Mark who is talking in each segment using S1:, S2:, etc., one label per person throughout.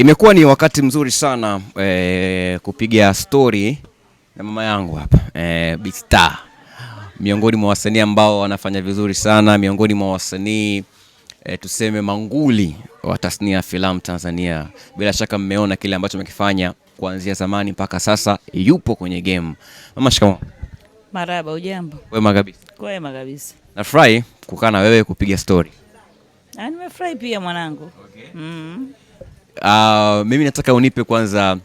S1: Imekuwa ni wakati mzuri sana e, kupiga stori na mama yangu hapa e, eh, Bista, miongoni mwa wasanii ambao wanafanya vizuri sana, miongoni mwa wasanii e, tuseme manguli wa tasnia ya filamu Tanzania. Bila shaka mmeona kile ambacho amekifanya kuanzia zamani mpaka sasa, yupo kwenye game. Mama, shikamoo.
S2: Marhaba, ujambo?
S1: Kwema kabisa.
S2: Kwema kabisa.
S1: Nafurahi kukaa na wewe kupiga stori.
S2: Ah, nimefurahi pia mwanangu. Okay. Mm.
S1: Uh, mimi nataka unipe kwanza,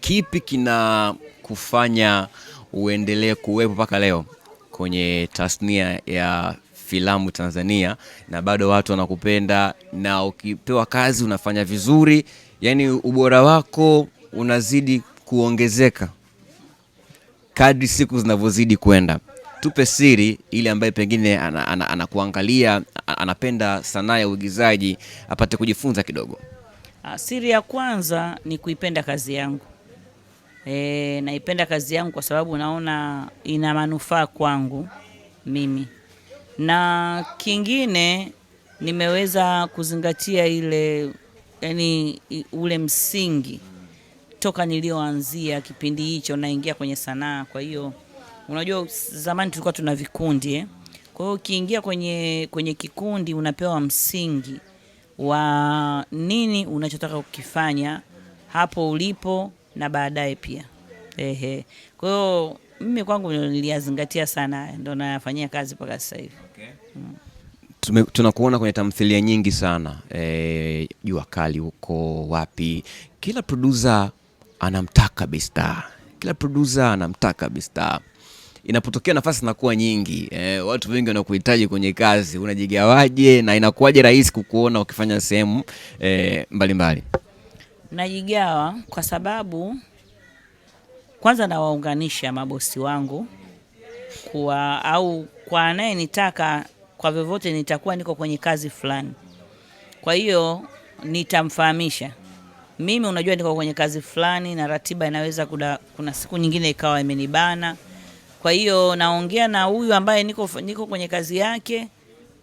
S1: kipi kina kufanya uendelee kuwepo mpaka leo kwenye tasnia ya filamu Tanzania na bado watu wanakupenda na ukipewa kazi unafanya vizuri, yani ubora wako unazidi kuongezeka kadri siku zinavyozidi kwenda. Tupe siri ili ambaye pengine anakuangalia ana, ana, anapenda sanaa ya uigizaji apate kujifunza kidogo.
S2: Ah, siri ya kwanza ni kuipenda kazi yangu. E, naipenda kazi yangu kwa sababu naona ina manufaa kwangu mimi, na kingine nimeweza kuzingatia ile yani ule msingi toka nilioanzia kipindi hicho naingia kwenye sanaa. Kwa hiyo unajua, zamani tulikuwa tuna vikundi eh? Kwa hiyo ukiingia kwenye, kwenye kikundi unapewa msingi wa nini unachotaka kukifanya hapo ulipo na baadaye pia. Ehe, kwa hiyo mimi kwangu niliyazingatia sana, ndo nayafanyia kazi mpaka sasa hivi. Okay.
S1: Mm. Tunakuona kwenye tamthilia nyingi sana e, Jua e, Kali huko wapi, kila producer anamtaka Bista, kila producer anamtaka Bista inapotokea nafasi zinakuwa nyingi eh, watu wengi wanakuhitaji kwenye kazi, unajigawaje na inakuwaje rahisi kukuona ukifanya sehemu eh, mbalimbali?
S2: Najigawa kwa sababu kwanza nawaunganisha mabosi wangu kwa au kwa nitaka kwa vyovyote, nitakuwa niko kwenye kazi fulani, kwa hiyo nitamfahamisha mimi, unajua niko kwenye kazi fulani na ratiba inaweza kuda, kuna siku nyingine ikawa imenibana kwa hiyo naongea na huyu ambaye niko, niko kwenye kazi yake.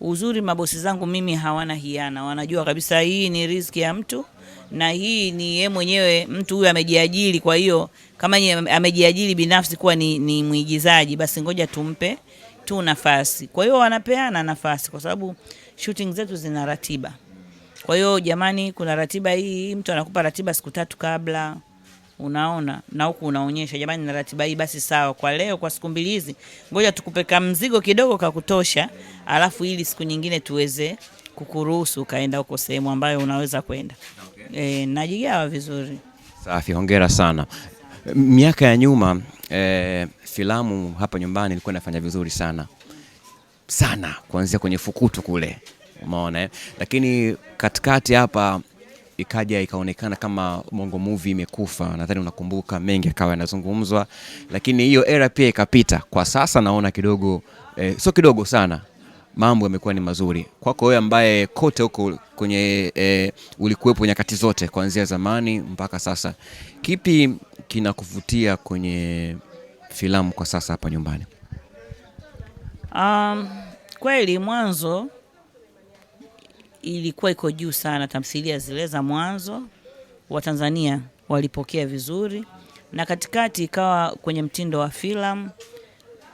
S2: Uzuri mabosi zangu mimi hawana hiana, wanajua kabisa hii ni riziki ya mtu na hii ni yeye mwenyewe mtu huyu amejiajiri. Kwa hiyo kama yeye amejiajiri binafsi kuwa ni, ni mwigizaji, basi ngoja tumpe tu nafasi. Kwa hiyo wanapeana nafasi kwa sababu shooting zetu zina ratiba. Kwa hiyo jamani, kuna ratiba hii, mtu anakupa ratiba siku tatu kabla unaona, na huku unaonyesha jamani, na ratiba hii basi, sawa kwa leo, kwa siku mbili hizi, ngoja tukupe mzigo kidogo kakutosha, alafu ili siku nyingine tuweze kukuruhusu ukaenda huko sehemu ambayo unaweza kwenda. Okay. E, najigawa vizuri.
S1: Safi, hongera sana. Miaka ya nyuma e, filamu hapa nyumbani ilikuwa inafanya vizuri sana sana, kuanzia kwenye fukutu kule, umeona eh? Lakini katikati hapa ikaja ikaonekana kama Bongo Movie imekufa. Nadhani unakumbuka mengi akawa yanazungumzwa, lakini hiyo era pia ikapita. Kwa sasa naona kidogo eh, sio kidogo sana, mambo yamekuwa ni mazuri kwako wewe ambaye kote huko kwenye eh, ulikuwepo nyakati zote kuanzia zamani mpaka sasa. Kipi kinakuvutia kwenye filamu kwa sasa hapa nyumbani?
S2: Um, kweli mwanzo ilikuwa iko juu sana. Tamthilia zile za mwanzo Watanzania walipokea vizuri, na katikati ikawa kwenye mtindo wa filamu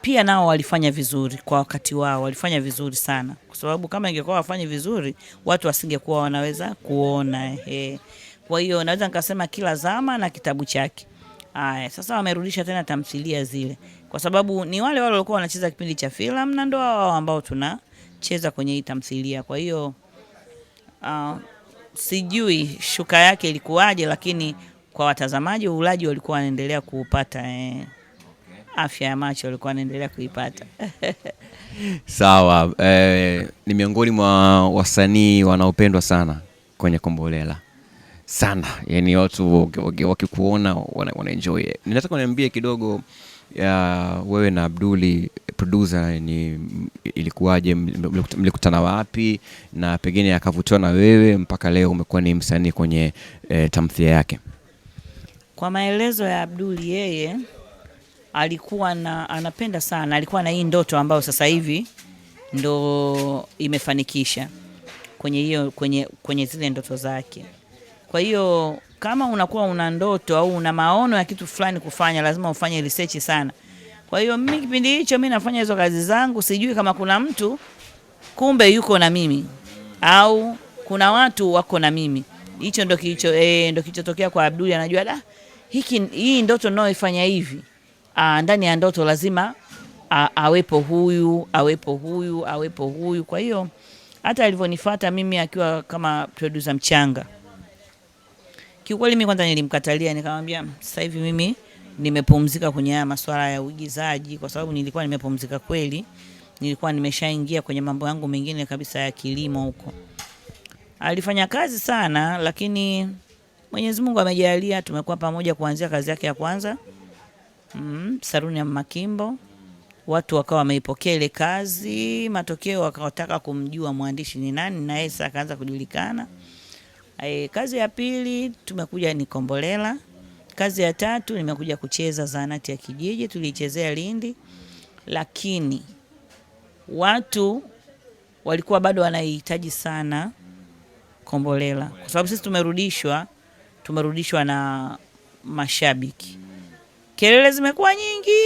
S2: pia nao walifanya vizuri kwa wakati wao, walifanya vizuri sana, kwa sababu kama ingekuwa wafanye vizuri watu wasingekuwa wanaweza kuona he. Kwa hiyo naweza nikasema kila zama na kitabu chake. Aya, sasa wamerudisha tena tamthilia zile, kwa sababu ni wale wale walikuwa wanacheza kipindi cha filamu na ndo hao ambao tunacheza kwenye hii tamthilia. Kwa hiyo uh, sijui shuka yake ilikuwaje, lakini kwa watazamaji ulaji walikuwa wanaendelea kuupata eh. Afya ya macho walikuwa wanaendelea kuipata.
S1: Sawa eh, ni miongoni mwa wasanii wanaopendwa sana kwenye Kombolela sana, yani watu wakikuona wana, enjoy. Ninataka niambie kidogo ya wewe na Abduli producer ni ilikuwaje, mlikutana wapi, na pengine akavutiwa na wewe mpaka leo umekuwa ni msanii kwenye e, tamthilia yake?
S2: Kwa maelezo ya Abdul, yeye alikuwa na, anapenda sana, alikuwa na hii ndoto ambayo sasa hivi ndo imefanikisha kwenye hiyo kwenye, kwenye zile ndoto zake. Kwa hiyo kama unakuwa una ndoto au una maono ya kitu fulani kufanya, lazima ufanye research sana. Kwa hiyo mimi kipindi hicho mimi nafanya hizo kazi zangu, sijui kama kuna mtu kumbe yuko na mimi au kuna watu wako na mimi. Hicho ndo kilicho eh, ndo kilichotokea kwa Abduli. Anajua da ah, hiki hii ndoto ninayoifanya hivi, ah, ndani ya ndoto lazima a, awepo huyu awepo huyu awepo huyu. Kwa hiyo hata alivyonifuata mimi akiwa kama producer mchanga, kiukweli mimi kwanza nilimkatalia, nikamwambia sasa hivi mimi nimepumzika kwenye haya masuala ya uigizaji, kwa sababu nilikuwa nimepumzika kweli, nilikuwa nimeshaingia kwenye mambo yangu mengine kabisa ya kilimo huko. Alifanya kazi sana, lakini Mwenyezi Mungu amejalia tumekuwa pamoja kuanzia kazi yake ya kwanza mm, Saruni ya Makimbo. Watu wakawa wameipokea ile kazi, matokeo wakataka kumjua mwandishi ni nani, na yeye akaanza kujulikana. Ay, eh, kazi ya pili tumekuja ni Kombolela Kazi ya tatu nimekuja kucheza zahanati ya kijiji, tuliichezea Lindi, lakini watu walikuwa bado wanaihitaji sana Kombolela, kwa sababu sisi tumerudishwa, tumerudishwa na mashabiki. Kelele zimekuwa nyingi,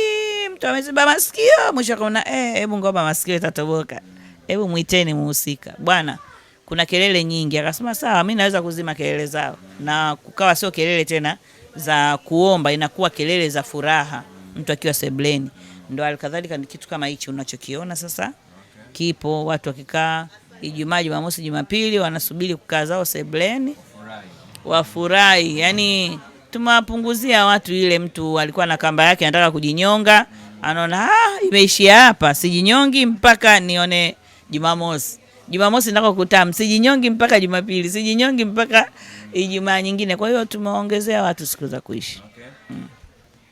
S2: mtu ameziba masikio, mwisho akaona eh, hebu masikio itatoboka, hebu mwiteni muhusika bwana kuna kelele nyingi. Akasema sawa, mi naweza kuzima kelele zao, na kukawa sio kelele tena, za kuomba inakuwa kelele za furaha, mtu akiwa sebleni. Ndo alikadhalika ni kitu kama hichi unachokiona sasa kipo, watu wakikaa Ijumaa, Jumamosi, Jumapili wanasubiri kukaa zao sebleni wafurahi. Yani tumewapunguzia watu ile, mtu alikuwa na kamba yake anataka kujinyonga, anaona ah, imeishia hapa, sijinyongi mpaka nione Jumamosi. Jumamosi ndako kutam, sijinyongi mpaka Jumapili, sijinyongi mpaka Ijumaa nyingine. Kwa hiyo tumeongezea watu siku za kuishi. Okay. Mm.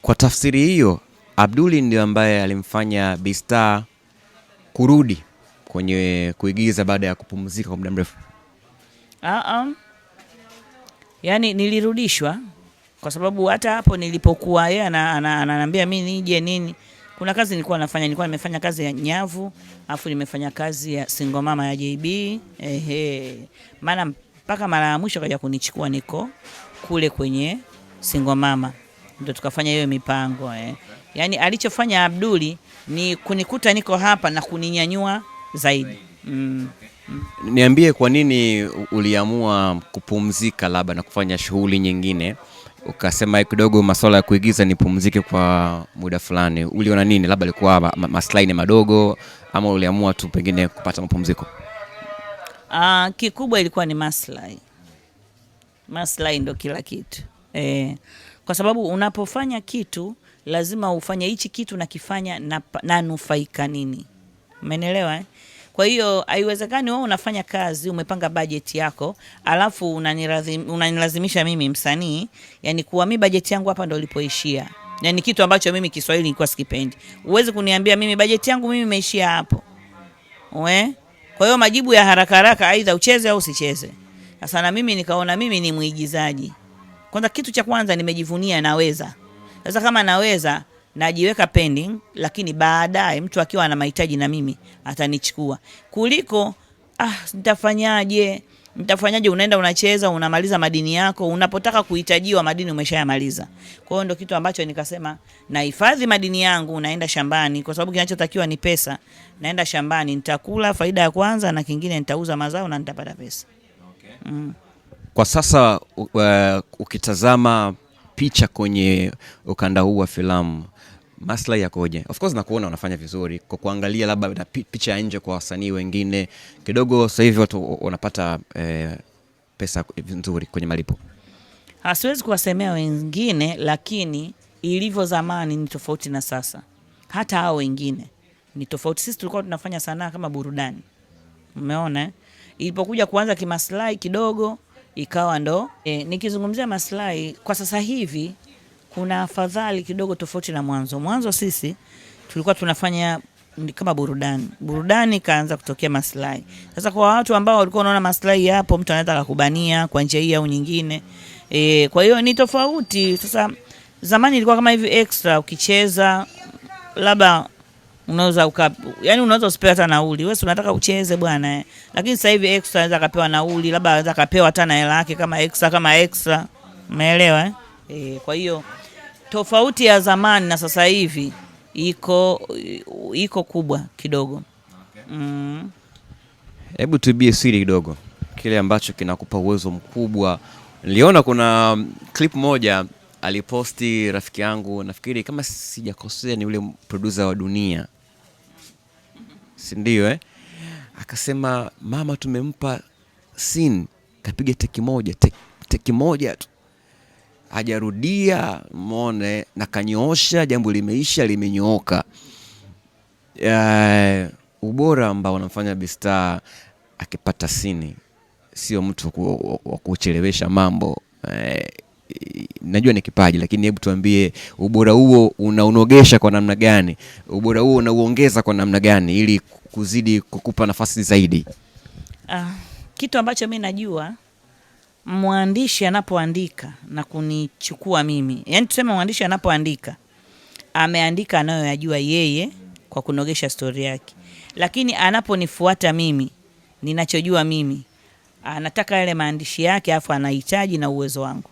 S1: Kwa tafsiri hiyo Abduli ndio ambaye alimfanya Bista kurudi kwenye kuigiza baada ya kupumzika kwa muda mrefu.
S2: Uh-uh. Yaani nilirudishwa kwa sababu hata hapo nilipokuwa yeye ananiambia mimi nije nini kuna kazi nilikuwa nafanya, nilikuwa nimefanya kazi ya nyavu, afu nimefanya kazi ya singomama ya JB. Ehe, maana mpaka mara ya mwisho kaja kunichukua niko kule kwenye singomama, ndio tukafanya hiyo mipango eh. Yani alichofanya Abduli ni kunikuta niko hapa na kuninyanyua zaidi mm.
S1: Niambie, kwa nini uliamua kupumzika labda na kufanya shughuli nyingine ukasema kidogo masuala ya kuigiza nipumzike kwa muda fulani, uliona nini? Labda alikuwa maslahi madogo ama uliamua tu pengine kupata mapumziko?
S2: Uh, kikubwa ilikuwa ni maslahi. Maslahi ndo kila kitu eh, kwa sababu unapofanya kitu lazima ufanye hichi kitu nakifanya nanufaika na nini, umeelewa eh? Kwa hiyo haiwezekani wewe unafanya kazi, umepanga bajeti yako, alafu unanilazim, unanilazimisha mimi msanii, yani kuwa mimi bajeti yangu hapa ndo ilipoishia. Yani kitu ambacho mimi Kiswahili nilikuwa sikipendi. Uwezi kuniambia mimi bajeti yangu mimi imeishia hapo. We? Kwa hiyo majibu ya haraka haraka aidha ucheze au usicheze. Sasa na mimi nikaona mimi ni mwigizaji. Kwanza kitu cha kwanza nimejivunia naweza. Sasa kama naweza najiweka pending, lakini baadaye mtu akiwa ana mahitaji na mimi atanichukua kuliko ah, nitafanyaje mtafanyaje? Unaenda unacheza unamaliza madini yako, unapotaka kuhitajiwa madini umeshayamaliza. Kwa hiyo ndo kitu ambacho nikasema nahifadhi madini yangu, naenda shambani, kwa sababu kinachotakiwa ni pesa. Naenda shambani, nitakula faida ya kwanza, na kingine nitauza mazao na nitapata pesa. Okay. Mm.
S1: Kwa sasa uh, ukitazama picha kwenye ukanda huu wa filamu maslahi yakoje? Of course nakuona unafanya vizuri kwa kuangalia labda picha ya nje kwa wasanii wengine kidogo, sasa hivi watu wanapata eh, pesa nzuri kwenye malipo.
S2: Siwezi kuwasemea wengine, lakini ilivyo zamani ni tofauti na sasa. Hata hao wengine ni tofauti. Sisi tulikuwa tunafanya sanaa kama burudani, umeona. Ilipokuja kuanza kimaslahi kidogo ikawa ndo e, nikizungumzia maslahi kwa sasa hivi kuna afadhali kidogo tofauti na mwanzo. Mwanzo sisi tulikuwa tunafanya kama burudani, burudani kaanza kutokea maslahi. Sasa kwa watu ambao walikuwa wanaona maslahi hapo, mtu anaweza akakubania kwa njia hii au nyingine e, kwa hiyo ni tofauti. Sasa zamani ilikuwa kama hivi extra, ukicheza labda unaweza uka, yani unaweza usipewa hata nauli wewe, unataka ucheze bwana eh. Lakini sasa hivi extra anaweza akapewa nauli, labda anaweza akapewa hata na hela yake kama extra, kama extra, umeelewa eh? E, kwa hiyo tofauti ya zamani na sasa hivi iko iko kubwa kidogo. Mm.
S1: Hebu mm. tubie siri kidogo, kile ambacho kinakupa uwezo mkubwa. Niliona kuna clip moja aliposti rafiki yangu, nafikiri kama sijakosea, ni ule producer wa Dunia, si ndio eh? Akasema mama tumempa scene, kapiga teki moja, teki moja tu hajarudia mone na kanyoosha, jambo limeisha, limenyooka. Uh, ubora ambao unamfanya Bista akipata sini sio mtu wa kuchelewesha mambo uh, najua ni kipaji lakini hebu tuambie ubora huo unaunogesha kwa namna gani? Ubora huo unauongeza kwa namna gani ili kuzidi kukupa nafasi zaidi?
S2: Uh, kitu ambacho mi najua mwandishi anapoandika na kunichukua mimi, yani tuseme mwandishi anapoandika ameandika anayoyajua yeye kwa kunogesha stori yake, lakini anaponifuata mimi ninachojua mimi anataka yale maandishi yake, afu anahitaji na uwezo wangu.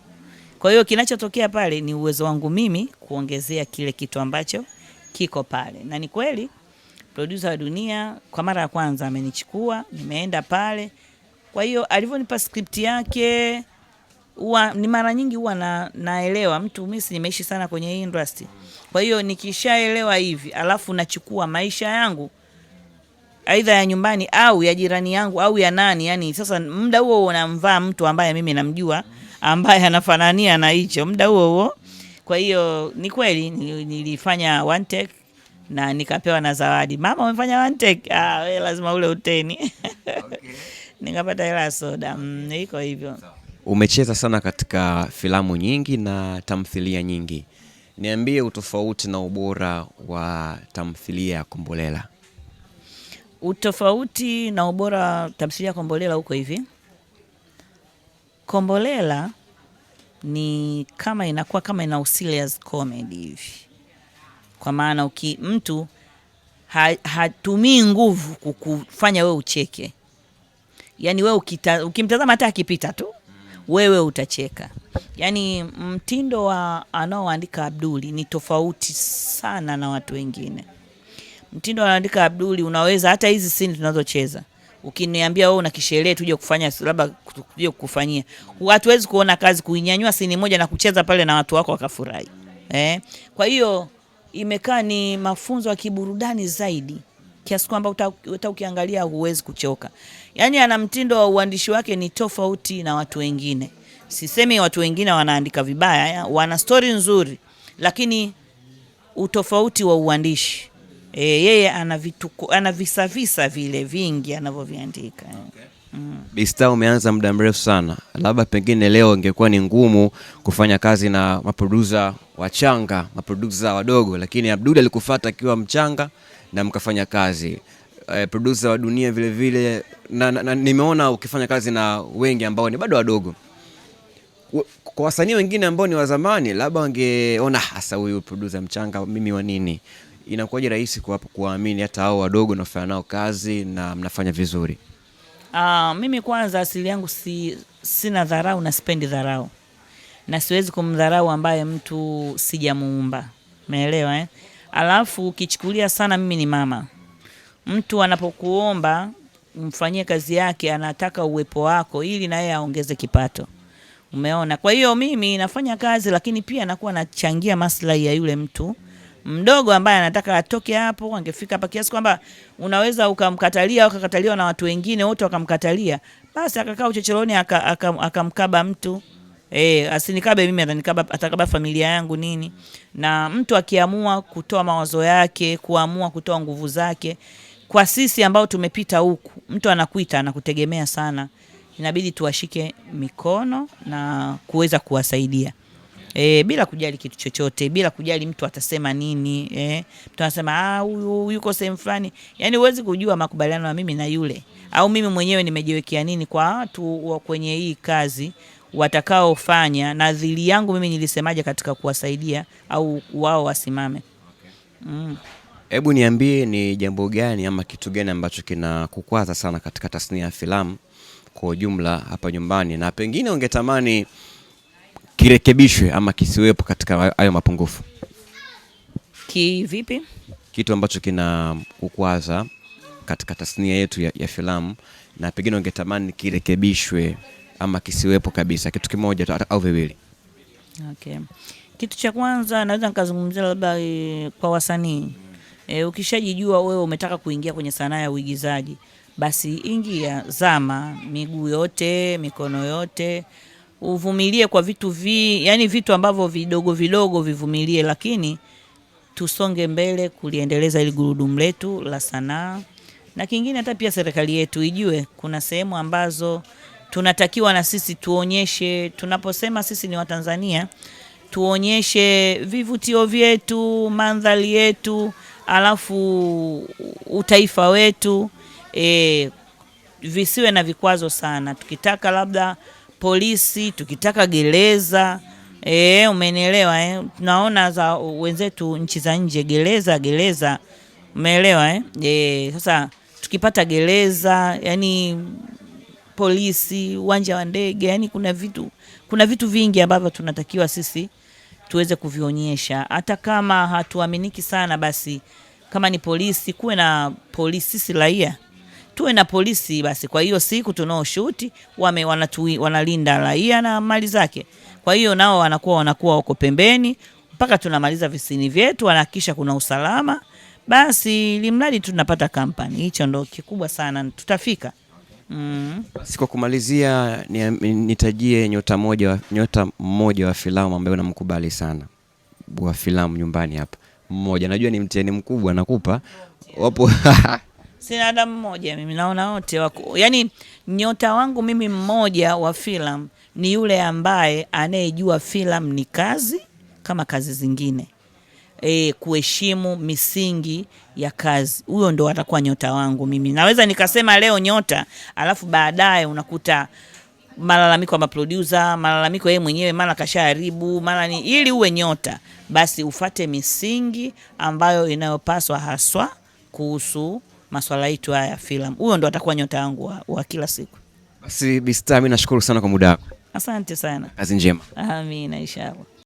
S2: Kwa hiyo kinachotokea pale ni uwezo wangu mimi kuongezea kile kitu ambacho kiko pale, na ni kweli producer wa Dunia kwa mara ya kwanza amenichukua, nimeenda pale kwa hiyo alivyonipa script yake huwa ni mara nyingi huwa na, naelewa mtu mimi si nimeishi sana kwenye hii industry. Kwa hiyo nikishaelewa hivi alafu nachukua maisha yangu aidha ya nyumbani au ya jirani yangu au ya nani, yani sasa muda huo unamvaa mtu ambaye mimi namjua ambaye anafanania na hicho muda huo huo. Kwa hiyo ni kweli nilifanya one take na nikapewa na zawadi. Mama, umefanya one take? Ah, wewe lazima ule uteni. Okay nikapata hela ya soda. Mm, iko hivyo.
S1: Umecheza sana katika filamu nyingi na tamthilia nyingi, niambie utofauti na ubora wa tamthilia ya Kombolela.
S2: Utofauti na ubora wa tamthilia ya Kombolela huko hivi, Kombolela ni kama inakuwa kama ina serious comedy hivi, kwa maana uki mtu hatumii ha, nguvu kukufanya we ucheke yani wewe ukimtazama hata akipita tu wewe utacheka. Yani mtindo wa anaoandika Abduli ni tofauti sana na watu wengine. Mtindo anaandika Abduli, unaweza hata hizi sini tunazocheza ukiniambia wewe una kisherehe tuje kufanya labda tuje kukufanyia, hatuwezi kuona kazi kuinyanyua sini moja na kucheza pale na watu wako wakafurahi eh. Kwa hiyo imekaa ni mafunzo ya kiburudani zaidi kiasi kwamba uta ukiangalia huwezi kuchoka. Yaani ana mtindo wa uandishi wake ni tofauti na watu wengine. Sisemi watu wengine wanaandika vibaya ya, wana stori nzuri, lakini utofauti wa uandishi e, yeye ana vitu ana visavisa vile vingi anavyoviandika okay.
S1: Mm. Bista, umeanza muda mrefu sana, labda pengine leo ingekuwa ni ngumu kufanya kazi na maprodusa wachanga, maprodusa wadogo, lakini Abdul alikufuata akiwa mchanga na mkafanya kazi e, producer wa Dunia vile vile na, na, na, nimeona ukifanya kazi na wengi ambao ni bado wadogo. Kwa wasanii wengine ambao ni wa zamani, labda wangeona hasa huyu producer mchanga, mimi wa nini? Inakuwaje rahisi kuwaamini hata hao wadogo nafanya nao kazi na mnafanya vizuri?
S2: Uh, mimi kwanza asili yangu si, sina dharau na sipendi dharau na siwezi kumdharau ambaye mtu sijamuumba, umeelewa eh? Alafu ukichukulia sana, mimi ni mama, mtu anapokuomba mfanyie kazi yake, anataka uwepo wako ili na yeye aongeze kipato. Umeona? Kwa hiyo mimi nafanya kazi, lakini pia nakuwa nachangia maslahi ya yule mtu mdogo ambaye anataka atoke hapo, angefika hapa, kiasi kwamba unaweza ukamkatalia au kakataliwa na watu wengine wote wakamkatalia, basi akakaa uchochoroni akamkaba aka, aka mtu. Eh, asinikabe mimi, atanikaba atakaba familia yangu nini. Na mtu akiamua kutoa mawazo yake, kuamua kutoa nguvu zake, kwa sisi ambao tumepita huku, mtu anakuita anakutegemea sana, inabidi tuwashike mikono na kuweza kuwasaidia E, bila kujali kitu chochote, bila kujali mtu atasema nini. E, mtu anasema ah, huyu yuko sehemu fulani. Yani huwezi kujua makubaliano ya mimi na yule, au mimi mwenyewe nimejiwekea nini kwa watu wa kwenye hii kazi watakaofanya na dhili yangu mimi nilisemaje katika kuwasaidia au wao wasimame. Mm.
S1: Hebu niambie ni jambo gani ama kitu gani ambacho kinakukwaza sana katika tasnia ya filamu kwa ujumla hapa nyumbani, na pengine ungetamani kirekebishwe ama kisiwepo katika hayo mapungufu?
S2: Kivipi?
S1: kitu ambacho kinakukwaza katika tasnia yetu ya, ya filamu na pengine ungetamani kirekebishwe ama kisiwepo kabisa, kitu kimoja au viwili.
S2: Okay. Kitu cha kwanza naweza nikazungumzia labda e, kwa wasanii e, ukishajijua wewe umetaka kuingia kwenye sanaa ya uigizaji, basi ingia, zama miguu yote mikono yote, uvumilie kwa vitu vi, yani vitu ambavyo vidogo vidogo vivumilie, lakini tusonge mbele kuliendeleza ili gurudumu letu la sanaa. Na kingine hata pia serikali yetu ijue kuna sehemu ambazo tunatakiwa na sisi tuonyeshe, tunaposema sisi ni Watanzania, tuonyeshe vivutio vyetu, mandhari yetu, alafu utaifa wetu e, visiwe na vikwazo sana. Tukitaka labda polisi, tukitaka gereza e, umenielewa eh? Tunaona za wenzetu nchi za nje gereza gereza, umeelewa eh? E, sasa tukipata gereza yani polisi, uwanja wa ndege. Yani kuna vitu, kuna vitu vingi ambavyo tunatakiwa sisi tuweze kuvionyesha, hata kama hatuaminiki sana, basi kama ni polisi, kuwe na polisi. Sisi raia tuwe na polisi basi. Kwa hiyo siku tunao shuti wame wanatui, wanalinda raia na mali zake, kwa hiyo nao wanakuwa wanakuwa wako pembeni mpaka tunamaliza visini vyetu, wanahakikisha kuna usalama. Basi limradi tunapata kampani, hicho ndo kikubwa sana, tutafika. Mm.
S1: Basi kwa kumalizia ni, nitajie nyota moja, nyota mmoja wa filamu ambaye unamkubali sana wa filamu nyumbani hapa mmoja. Najua ni mtihani mkubwa nakupa, wapo
S2: sina hata mmoja mimi, naona wote wako. Yaani nyota wangu mimi mmoja wa filamu ni yule ambaye anayejua filamu ni kazi kama kazi zingine e, kuheshimu misingi ya kazi. Huyo ndo atakuwa nyota wangu mimi. Naweza nikasema leo nyota, alafu baadaye unakuta malalamiko ya maproducer, malalamiko yeye mwenyewe, mara kashaharibu, mara ni ili uwe nyota, basi ufate misingi ambayo inayopaswa haswa kuhusu masuala yetu haya ya filamu. Huyo ndo atakuwa nyota wangu wa, wa kila siku.
S1: Basi Bistami, nashukuru sana kwa muda wako.
S2: Asante sana. Kazi njema. Amina, inshallah.